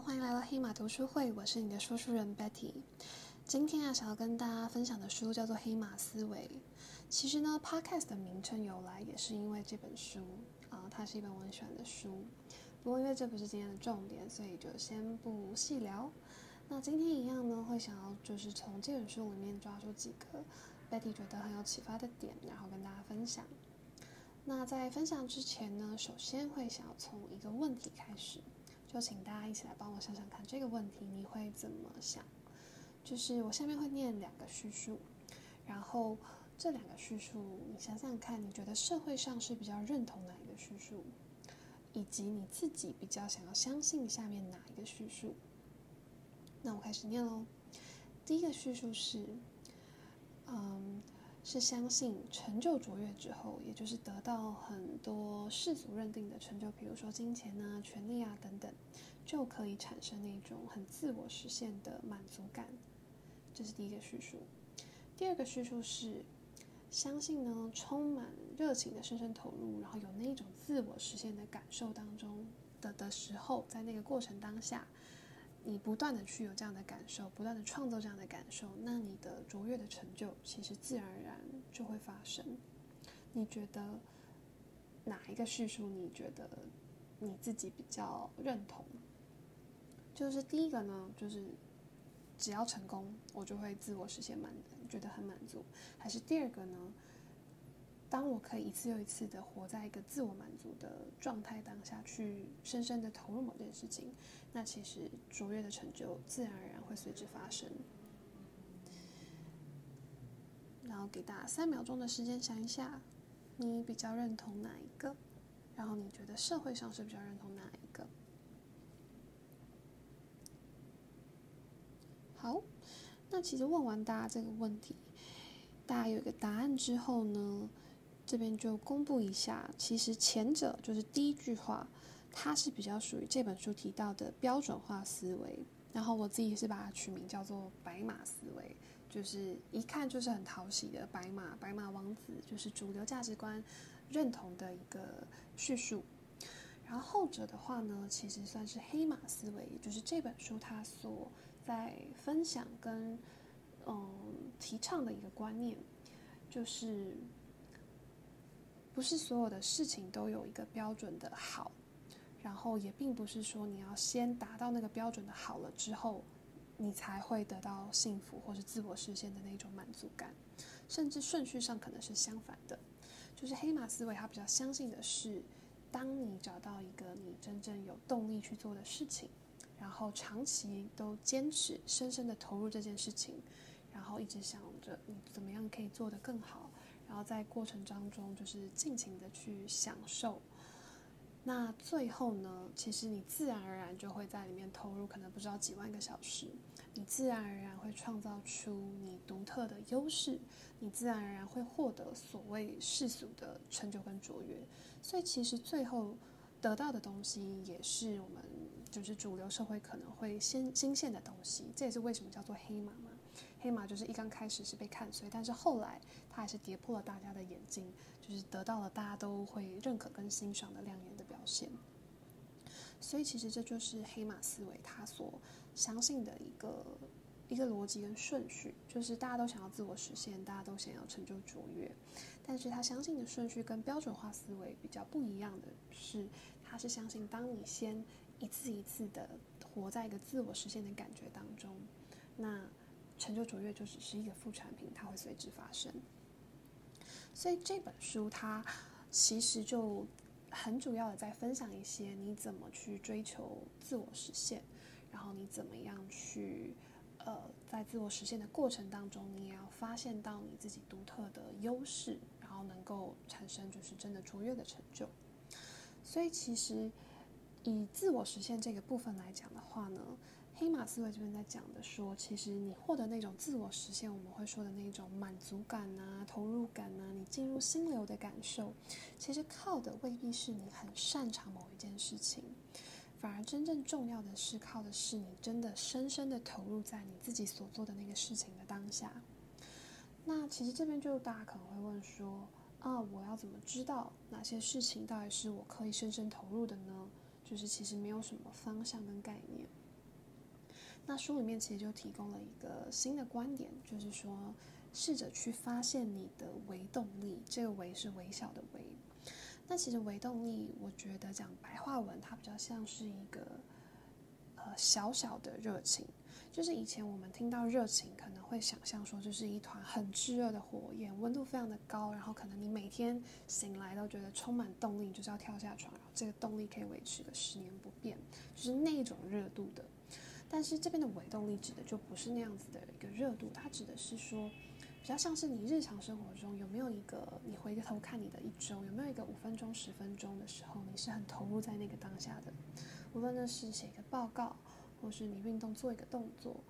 歡迎來到黑馬讀書會，我是你的說書人 Betty。今天啊，想要跟大家分享的書叫做《黑馬思維》。其實呢，Podcast 的名稱由來也是因為這本書啊，呃，它是一本我很喜歡的書。不過因為這不是今天的重點，所以就先不細聊。那今天一樣呢，會想要就是從這本書裡面抓住幾個 Betty 覺得很有啟發的點，然後跟大家分享。那在分享之前呢，首先會想要從一個問題開始。就請大家一起來幫我想想看這個問題，你會怎麼想？就是我下面會念兩個敘述，然後這兩個敘述，你想想看，你覺得社會上是比較認同哪一個敘述，以及你自己比較想要相信下面哪一個敘述？那我開始念嘍。第一個敘述是，嗯。是相信成就卓越之後，也就是得到很多世俗認定的成就，比如說金錢啊、權力啊等等，就可以產生那種很自我實現的滿足感。這是第一個敘述。第二個敘述是相信呢，充滿熱情的深深投入，然後有那一種自我實現的感受當中的的時候，在那個過程當下，你不斷的去有這樣的感受，不斷的創造這樣的感受，那你的卓越的成就其實自然而然就會發生。你覺得哪一個敘述你覺得你自己比較認同？就是第一個呢，就是只要成功，我就會自我實現滿足，覺得很滿足。還是第二個呢？當我可以一次又一次的活在一個自我滿足的狀態當下去，深深的投入某件事情，那其實卓越的成就自然而然會隨之發生。然後給大家三秒鐘的時間想一下，你比較認同哪一個？然後你覺得社會上是比較認同哪一個？好，那其實問完大家這個問題，大家有一個答案之後呢？這邊就公布一下，其實前者就是第一句話，它是比較屬於這本書提到的標準化思維，然後我自己是把它取名叫做“白馬思維”，就是一看就是很討喜的白馬、白馬王子，就是主流價值觀認同的一個敘述。然後後者的話呢，其實算是黑馬思維，也就是這本書它所在分享跟、嗯、提倡的一個觀念，就是。不是所有的事情都有一個標準的好，然後也並不是說你要先達到那個標準的好了之後，你才會得到幸福或是自我實現的那種滿足感，甚至順序上可能是相反的。就是黑馬思維，他比較相信的是，當你找到一個你真正有動力去做的事情，然後長期都堅持，深深的投入這件事情，然後一直想着你怎麼樣可以做得更好。然後在過程當中，就是盡情的去享受。那最後呢，其實你自然而然就會在裡面投入，可能不知道幾萬個小時。你自然而然會創造出你獨特的優勢，你自然而然會獲得所謂世俗的成就跟卓越。所以其實最後得到的東西，也是我們就是主流社會可能會先欣羨的東西。這也是為什麼叫做黑馬嘛。黑馬就是一剛開始是被看衰，但是後來他還是跌破了大家的眼鏡，就是得到了大家都會認可跟欣賞的亮眼的表現。所以其實這就是黑馬思維他所相信的一個一個邏輯跟順序，就是大家都想要自我實現，大家都想要成就卓越，但是他相信的順序跟標準化思維比較不一樣的是，他是相信當你先一次一次的活在一個自我實現的感覺當中，那。成就卓越就只是一個副產品，它會隨之發生。所以這本書它其實就很主要的在分享一些你怎麼去追求自我實現，然後你怎麼樣去呃在自我實現的過程當中，你也要發現到你自己獨特的優勢，然後能夠產生就是真的卓越的成就。所以其實。以自我實現這個部分來講的話呢，黑馬思維這邊在講的說，其實你獲得那種自我實現，我們會說的那種滿足感啊、投入感啊，你進入心流的感受，其實靠的未必是你很擅長某一件事情，反而真正重要的是靠的是你真的深深的投入在你自己所做的那個事情的當下。那其實這邊就大家可能會問說，啊，我要怎麼知道哪些事情到底是我可以深深投入的呢？就是其實沒有什麼方向跟概念，那書裡面其實就提供了一個新的觀點，就是說試着去發現你的微動力，這個微是微小的微。那其實微動力，我覺得講白話文，它比較像是一個。呃、小小的熱情，就是以前我們聽到熱情，可能會想象說，就是一團很炙熱的火焰，溫度非常的高，然後可能你每天醒來都覺得充滿動力，就是要跳下床，然後這個動力可以維持個十年不變，就是那種熱度的。但是這邊的微動力指的就不是那樣子的一個熱度，它指的是說。比較像是你日常生活中有沒有一個，你回個頭看你的一周有沒有一個五分鐘、十分鐘的時候，你是很投入在那個當下的，無論那是寫一個報告，或是你運動做一個動作，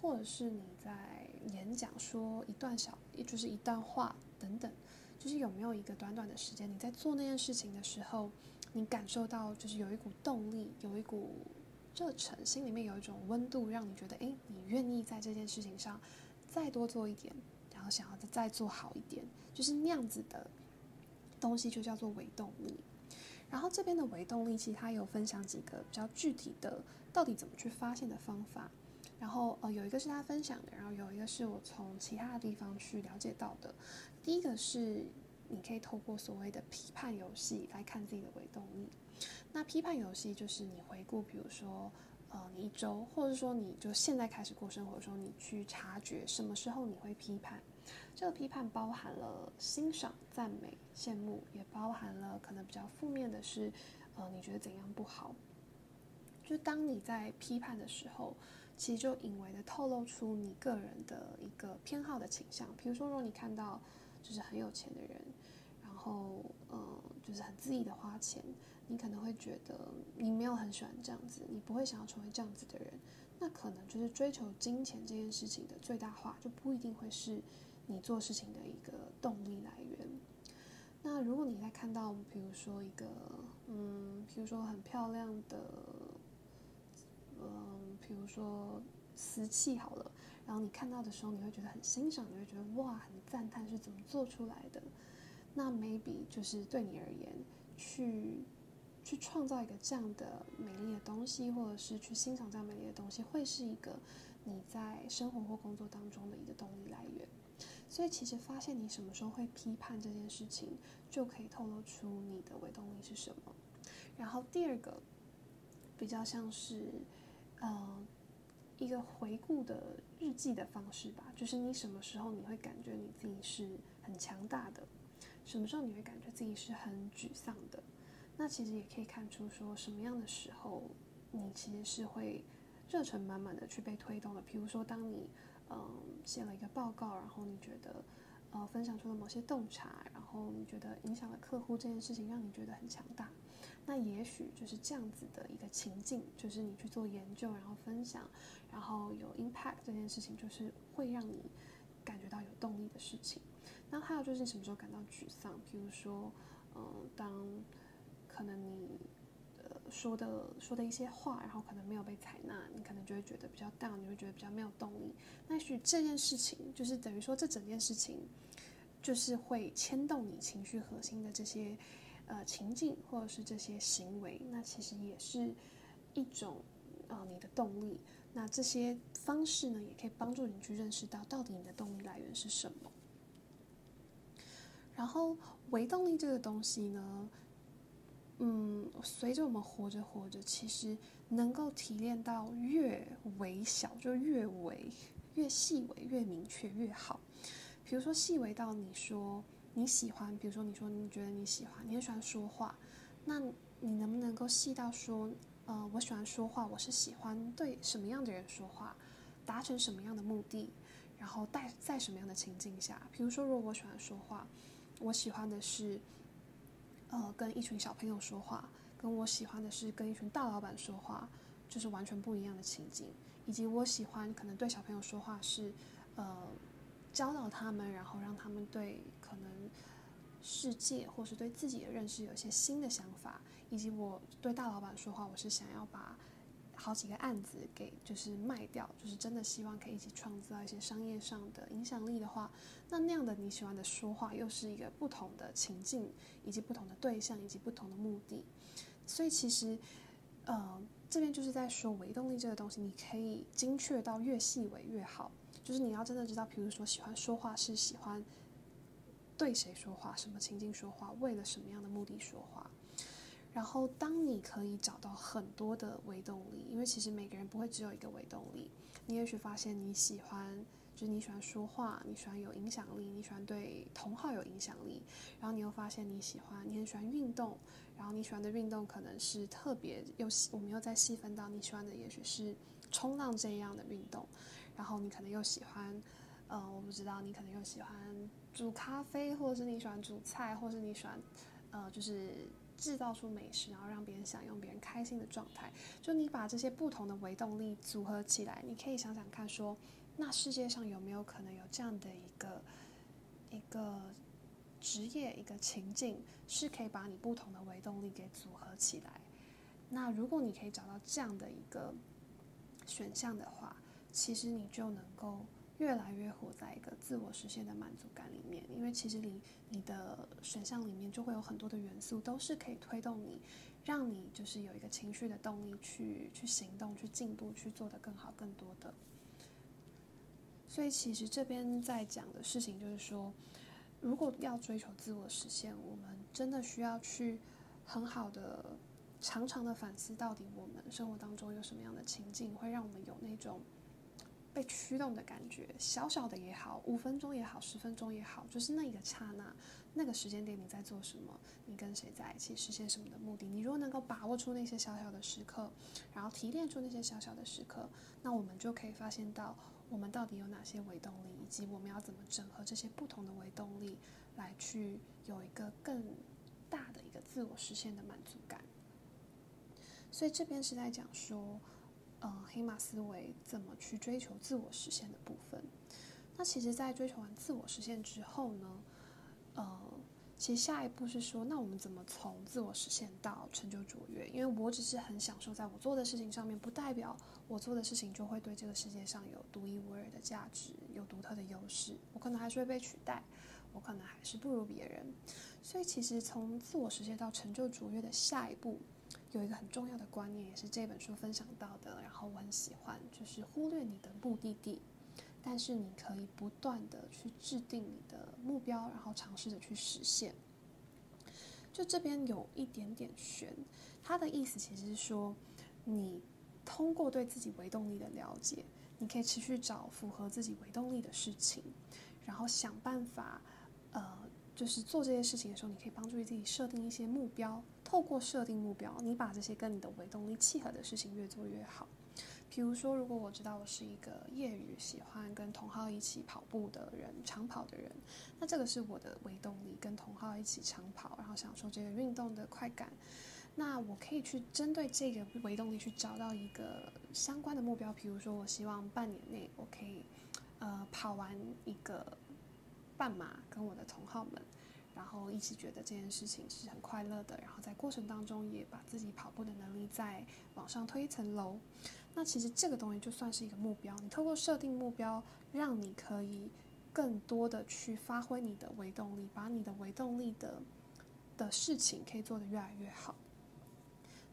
或者是你在演講說一段小，就是一段話等等，就是有沒有一個短短的時間，你在做那件事情的時候，你感受到就是有一股動力，有一股熱忱，心裡面有一種溫度，讓你覺得誒、欸，你願意在這件事情上再多做一點。然後想要再再做好一點，就是那樣子的東西，就叫做微動力。然後這邊的微動力，其實他有分享幾個比較具體的，到底怎麼去發現的方法。然後呃，有一個是他分享的，然後有一個是我從其他的地方去了解到的。第一個是你可以透過所謂的批判遊戲來看自己的微動力。那批判遊戲就是你回顧，比如說呃，你一週，或者說你就現在開始過生活的時候，你去察覺什麼時候你會批判。這個批判包含了欣賞、讚美、羨慕，也包含了可能比較負面的是，呃，你覺得怎樣不好？就當你在批判的時候，其實就隱微的透露出你個人的一個偏好的傾向。比如說，如果你看到就是很有錢的人，然後嗯、呃，就是很恣意的花錢，你可能會覺得你沒有很喜歡這樣子，你不會想要成為這樣子的人。那可能就是追求金錢這件事情的最大化，就不一定會是。你做事情的一個動力來源。那如果你在看到，比如說一個，嗯，比如說很漂亮的，嗯，比如說瓷器好了，然後你看到的時候，你會覺得很欣賞，你會覺得哇，很讚嘆，是怎麼做出來的。那 maybe 就是對你而言，去去創造一個這樣的美麗的東西，或者是去欣賞這樣美麗的東西，會是一個你在生活或工作當中的一個動力來源。所以其實發現你什麼時候會批判這件事情，就可以透露出你的微動力是什麼。然後第二個，比較像是，呃，一個回顧的日記的方式吧，就是你什麼時候你會感覺你自己是很強大的，什麼時候你會感覺自己是很沮喪的，那其實也可以看出說什麼樣的時候你其實是會熱忱滿滿的去被推動的。比如說當你。嗯，寫了一個報告，然後你覺得，呃，分享出了某些洞察，然後你覺得影響了客戶這件事情，讓你覺得很強大。那也許就是這樣子的一個情境，就是你去做研究，然後分享，然後有 impact 這件事情，就是會讓你感覺到有動力的事情。那還有就是你什麼時候感到沮喪？比如說，嗯，當可能你。說的說的一些話，然後可能沒有被採納，你可能就會覺得比較 down，你會覺得比較沒有動力。那也許這件事情就是等於說，這整件事情就是會牽動你情緒核心的這些呃情境或者是這些行為，那其實也是一種啊、呃、你的動力。那這些方式呢，也可以幫助你去認識到到底你的動力來源是什麼？然後，微動力這個東西呢？嗯，隨着我們活着活着，其實能夠提煉到越微小就越微，越細微越明確越好。比如說細微到你說你喜歡，比如說你說你覺得你喜歡，你很喜歡說話，那你能不能夠細到說，呃，我喜歡說話，我是喜歡對什麼樣的人說話，達成什麼樣的目的，然後在在什麼樣的情境下。比如說，如果我喜歡說話，我喜歡的是。呃，跟一群小朋友說話，跟我喜歡的是跟一群大老闆說話，就是完全不一樣的情景。以及我喜歡可能對小朋友說話是，呃，教導他們，然後讓他們對可能世界或是對自己的認識有一些新的想法。以及我對大老闆說話，我是想要把好幾個案子給就是賣掉，就是真的希望可以一起創造一些商業上的影響力的話，那那樣的你喜歡的說話又是一個不同的情境，以及不同的對象，以及不同的目的。所以其實，呃，這邊就是在說微動力這個東西，你可以精確到越細微越好。就是你要真的知道，比如說喜歡說話是喜歡對誰說話，什麼情境說話，為了什麼樣的目的說話。然後，當你可以找到很多的微動力，因為其實每個人不會只有一個微動力。你也許發現你喜歡，就是你喜歡說話，你喜歡有影響力，你喜歡對同好有影響力。然後你又發現你喜歡，你很喜歡運動。然後你喜歡的運動可能是特別又細，我們又再細分到你喜歡的也許是衝浪這樣的運動。然後你可能又喜歡，呃……我不知道，你可能又喜歡煮咖啡，或者是你喜歡煮菜，或者是你喜歡，呃，就是。製造出美食，然後讓別人享用，別人開心的狀態。就你把這些不同的微動力組合起來，你可以想想看說，說那世界上有沒有可能有這樣的一個一個職業、一個情境，是可以把你不同的微動力給組合起來？那如果你可以找到這樣的一個選項的話，其實你就能夠。越來越活在一個自我實現的滿足感裡面，因為其實你你的選項裡面就會有很多的元素，都是可以推動你，讓你就是有一個情緒的動力去去行動、去進步、去做得更好、更多的。所以其實這邊在講的事情就是說，如果要追求自我實現，我們真的需要去很好的、常常的反思，到底我們生活當中有什麼樣的情境會讓我們有那種。被驅動的感覺，小小的也好，五分鐘也好，十分鐘也好，就是那一個剎那，那個時間點你在做什麼？你跟誰在一起，實現什麼的目的？你如果能夠把握住那些小小的時刻，然後提煉出那些小小的時刻，那我們就可以發現到我們到底有哪些微動力，以及我們要怎麼整合這些不同的微動力，來去有一個更大的一個自我實現的滿足感。所以這邊是在講說。嗯、呃，黑馬思維怎麼去追求自我實現的部分？那其實，在追求完自我實現之後呢，呃，其實下一步是說，那我們怎麼從自我實現到成就卓越？因為我只是很享受在我做的事情上面，不代表我做的事情就會對這個世界上有獨一無二的價值，有獨特的優勢。我可能還是會被取代，我可能還是不如別人。所以，其實從自我實現到成就卓越的下一步。有一個很重要的觀念，也是這本書分享到的，然後我很喜歡，就是忽略你的目的地，但是你可以不斷的去制定你的目標，然後嘗試着去實現。就這邊有一點點懸，它的意思其實是說，你通過對自己微動力的了解，你可以持續找符合自己微動力的事情，然後想辦法，呃，就是做這些事情的時候，你可以幫助自己設定一些目標。透過設定目標，你把這些跟你的微動力契合的事情越做越好。比如說，如果我知道我是一個業餘喜歡跟同好一起跑步的人，長跑的人，那這個是我的微動力，跟同好一起長跑，然後享受這個運動的快感。那我可以去針對這個微動力去找到一個相關的目標，比如說，我希望半年內我可以呃跑完一個半馬跟我的同好們。然後一起覺得這件事情是很快樂的，然後在過程當中也把自己跑步的能力再往上推一層樓。那其實這個東西就算是一個目標，你透過設定目標，讓你可以更多的去發揮你的微動力，把你的微動力的的事情可以做得越來越好。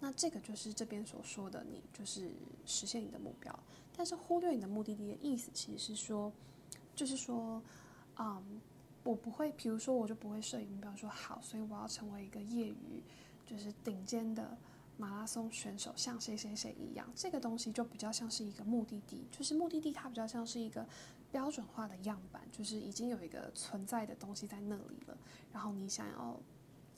那這個就是這邊所說的你，你就是實現你的目標。但是忽略你的目的地的意思，其實是說，就是說，嗯。我不會，比如說我就不會攝影。比如說好，所以我要成為一個業餘，就是頂尖的馬拉松選手，像誰誰誰一樣。這個東西就比較像是一個目的地，就是目的地它比較像是一個標準化的樣板，就是已經有一個存在的東西在那裡了。然後你想要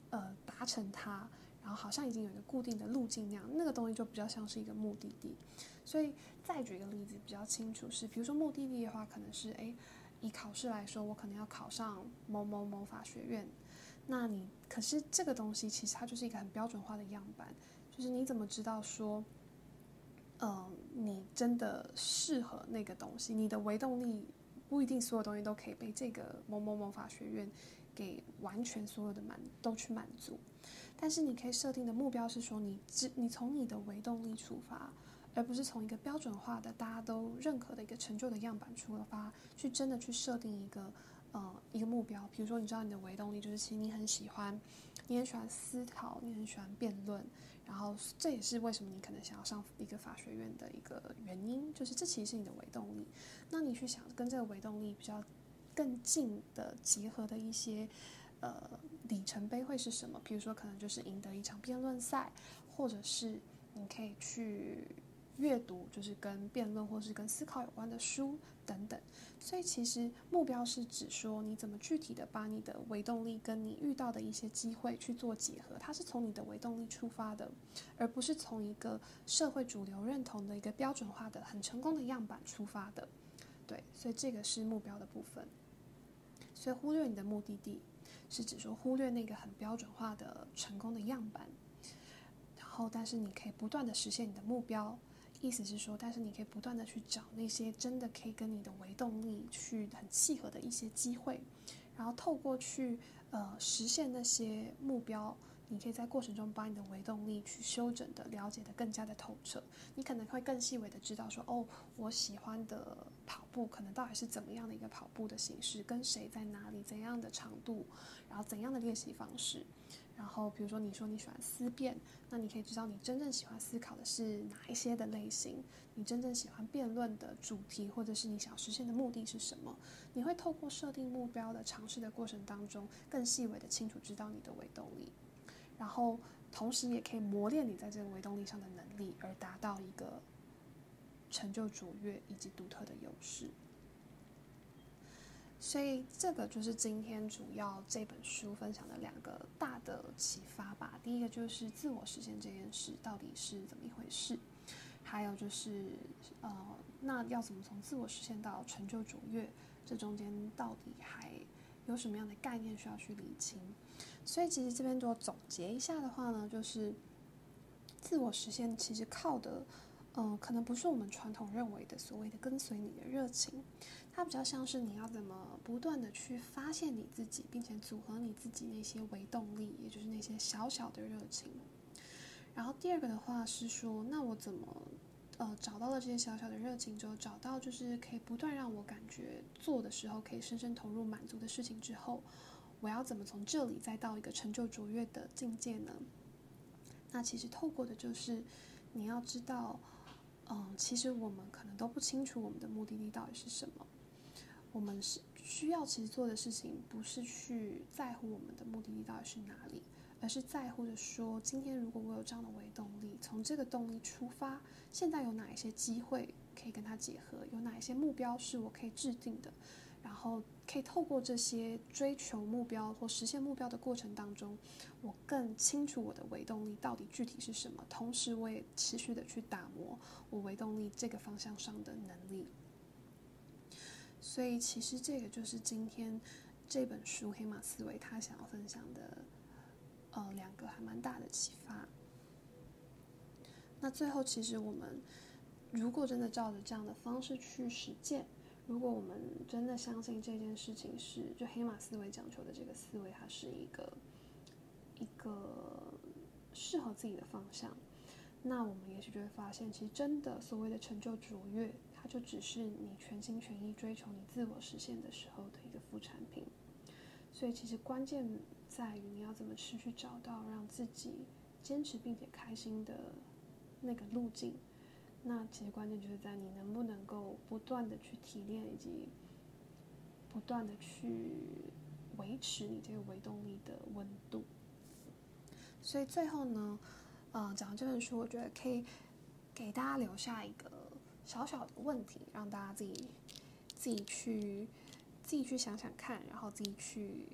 呃達成它，然後好像已經有一個固定的路徑那樣，那個東西就比較像是一個目的地。所以再舉一個例子比較清楚是，是比如說目的地的話，可能是哎。誒以考試來說，我可能要考上某某某法學院。那你可是這個東西，其實它就是一個很標準化的樣板。就是你怎麼知道說，嗯、呃，你真的適合那個東西？你的微動力，不一定所有東西都可以被這個某某某法學院給完全所有的滿都去滿足。但是你可以設定的目標是說你，你只你從你的微動力出發。而不是從一個標準化的、大家都認可的一個成就的樣板出發，去真的去設定一個，呃，一個目標。比如說，你知道你的微動力就是，其實你很喜歡，你很喜歡思考，你很喜歡辯論，然後這也是為什麼你可能想要上一個法學院的一個原因，就是這其實是你的微動力。那你去想跟這個微動力比較更近的結合的一些，呃，里程碑會是什麼？比如說，可能就是贏得一場辯論賽，或者是你可以去。閱讀就是跟辯論或是跟思考有關的書等等，所以其實目標是指說你怎麼具體的把你的微動力跟你遇到的一些機會去做結合，它是從你的微動力出發的，而不是從一個社會主流認同的一個標準化的很成功的樣板出發的，對，所以這個是目標的部分。所以忽略你的目的地是指說忽略那個很標準化的成功的樣板，然後但是你可以不斷的實現你的目標。意思是說，但是你可以不斷的去找那些真的可以跟你的微動力去很契合的一些機會，然後透過去呃實現那些目標。你可以在過程中把你的微動力去修整的，了解得更加的透徹。你可能會更細微的知道說，說哦，我喜歡的跑步可能到底是怎麼樣的一個跑步的形式，跟誰在哪裡怎樣的長度，然後怎樣的練習方式。然後比如說你說你喜歡思辨，那你可以知道你真正喜歡思考的是哪一些的類型，你真正喜歡辯論的主題，或者是你想實現的目的是什麼。你會透過設定目標的嘗試的過程當中，更細微的清楚知道你的微動力。然後，同時也可以磨練你在這個微動力上的能力，而達到一個成就卓越以及獨特的優勢。所以，這個就是今天主要這本書分享的兩個大的啟發吧。第一個就是自我實現這件事到底是怎麼一回事，還有就是，呃，那要怎麼從自我實現到成就卓越？這中間到底還有什麼樣的概念需要去理清？所以其實這邊就總結一下的話呢，就是自我實現其實靠的，嗯、呃，可能不是我們傳統認為的所謂的跟隨你的熱情，它比較像是你要怎麼不斷地去發現你自己，並且組合你自己那些微動力，也就是那些小小的熱情。然後第二個的話是說，那我怎麼呃找到了這些小小的熱情之後，找到就是可以不斷讓我感覺做的時候可以深深投入滿足的事情之後。我要怎麼從這裡再到一個成就卓越的境界呢？那其實透過的就是，你要知道，嗯，其實我們可能都不清楚我們的目的地到底是什麼。我們是需要其實做的事情，不是去在乎我們的目的地到底是哪裡，而是在乎的說，今天如果我有這樣的微動力，從這個動力出發，現在有哪一些機會可以跟它結合，有哪一些目標是我可以制定的，然後。可以透過這些追求目標或實現目標的過程當中，我更清楚我的微動力到底具體是什麼，同時我也持續的去打磨我微動力這個方向上的能力。所以其實這個就是今天這本書《黑馬思維》他想要分享的，呃，兩個還蠻大的啟發。那最後，其實我們如果真的照着這樣的方式去實踐。如果我們真的相信這件事情是，就黑馬思維講求的這個思維，它是一個一個適合自己的方向，那我們也許就會發現，其實真的所謂的成就卓越，它就只是你全心全意追求你自我實現的時候的一個副產品。所以，其實關鍵在於你要怎麼持續找到讓自己堅持並且開心的那個路徑。那其實關鍵就是在你能不能夠不斷的去提煉，以及不斷的去維持你這個微動力的溫度。所以最後呢，嗯，講到這本書，我覺得可以給大家留下一個小小的問題，讓大家自己自己去自己去想想看，然後自己去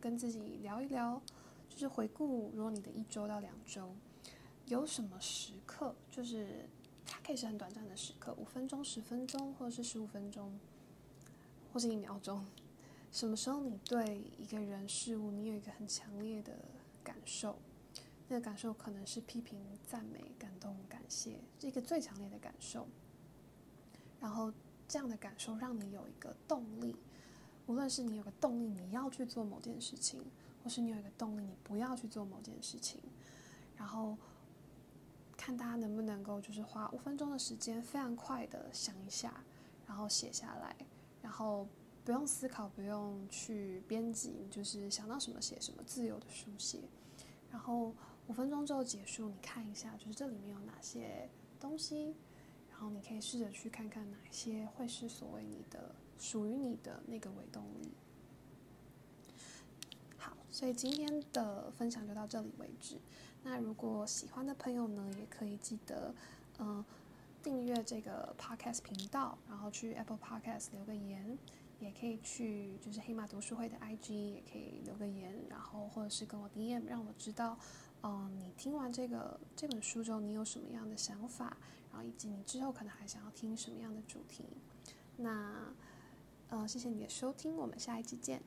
跟自己聊一聊，就是回顧如果你的一周到兩周有什麼時刻，就是。它可以是很短暫的時刻，五分鐘、十分鐘，或者是十五分鐘，或是一秒鐘。什麼時候你對一個人、事物，你有一個很強烈的感受？那個感受可能是批評、讚美、感動、感謝，是一個最強烈的感受。然後，這樣的感受讓你有一個動力，無論是你有個動力你要去做某件事情，或是你有一個動力你不要去做某件事情，然後。看大家能不能夠，就是花五分鐘的時間，非常快的想一下，然後寫下來，然後不用思考，不用去編輯，你就是想到什麼寫什麼，自由的書寫。然後五分鐘之後結束，你看一下，就是這裡面有哪些東西，然後你可以試着去看看哪些會是所謂你的屬於你的那個微動力。好，所以今天的分享就到這裡為止。那如果喜歡的朋友呢，也可以記得，嗯、呃，訂閱這個 podcast 頻道，然後去 Apple Podcast 留個言，也可以去就是黑馬讀書會的 IG 也可以留個言，然後或者是跟我 DM，讓我知道，嗯、呃，你聽完這個這本書之後你有什麼樣的想法，然後以及你之後可能還想要聽什麼樣的主題。那，呃，謝謝你的收聽，我們下一期見。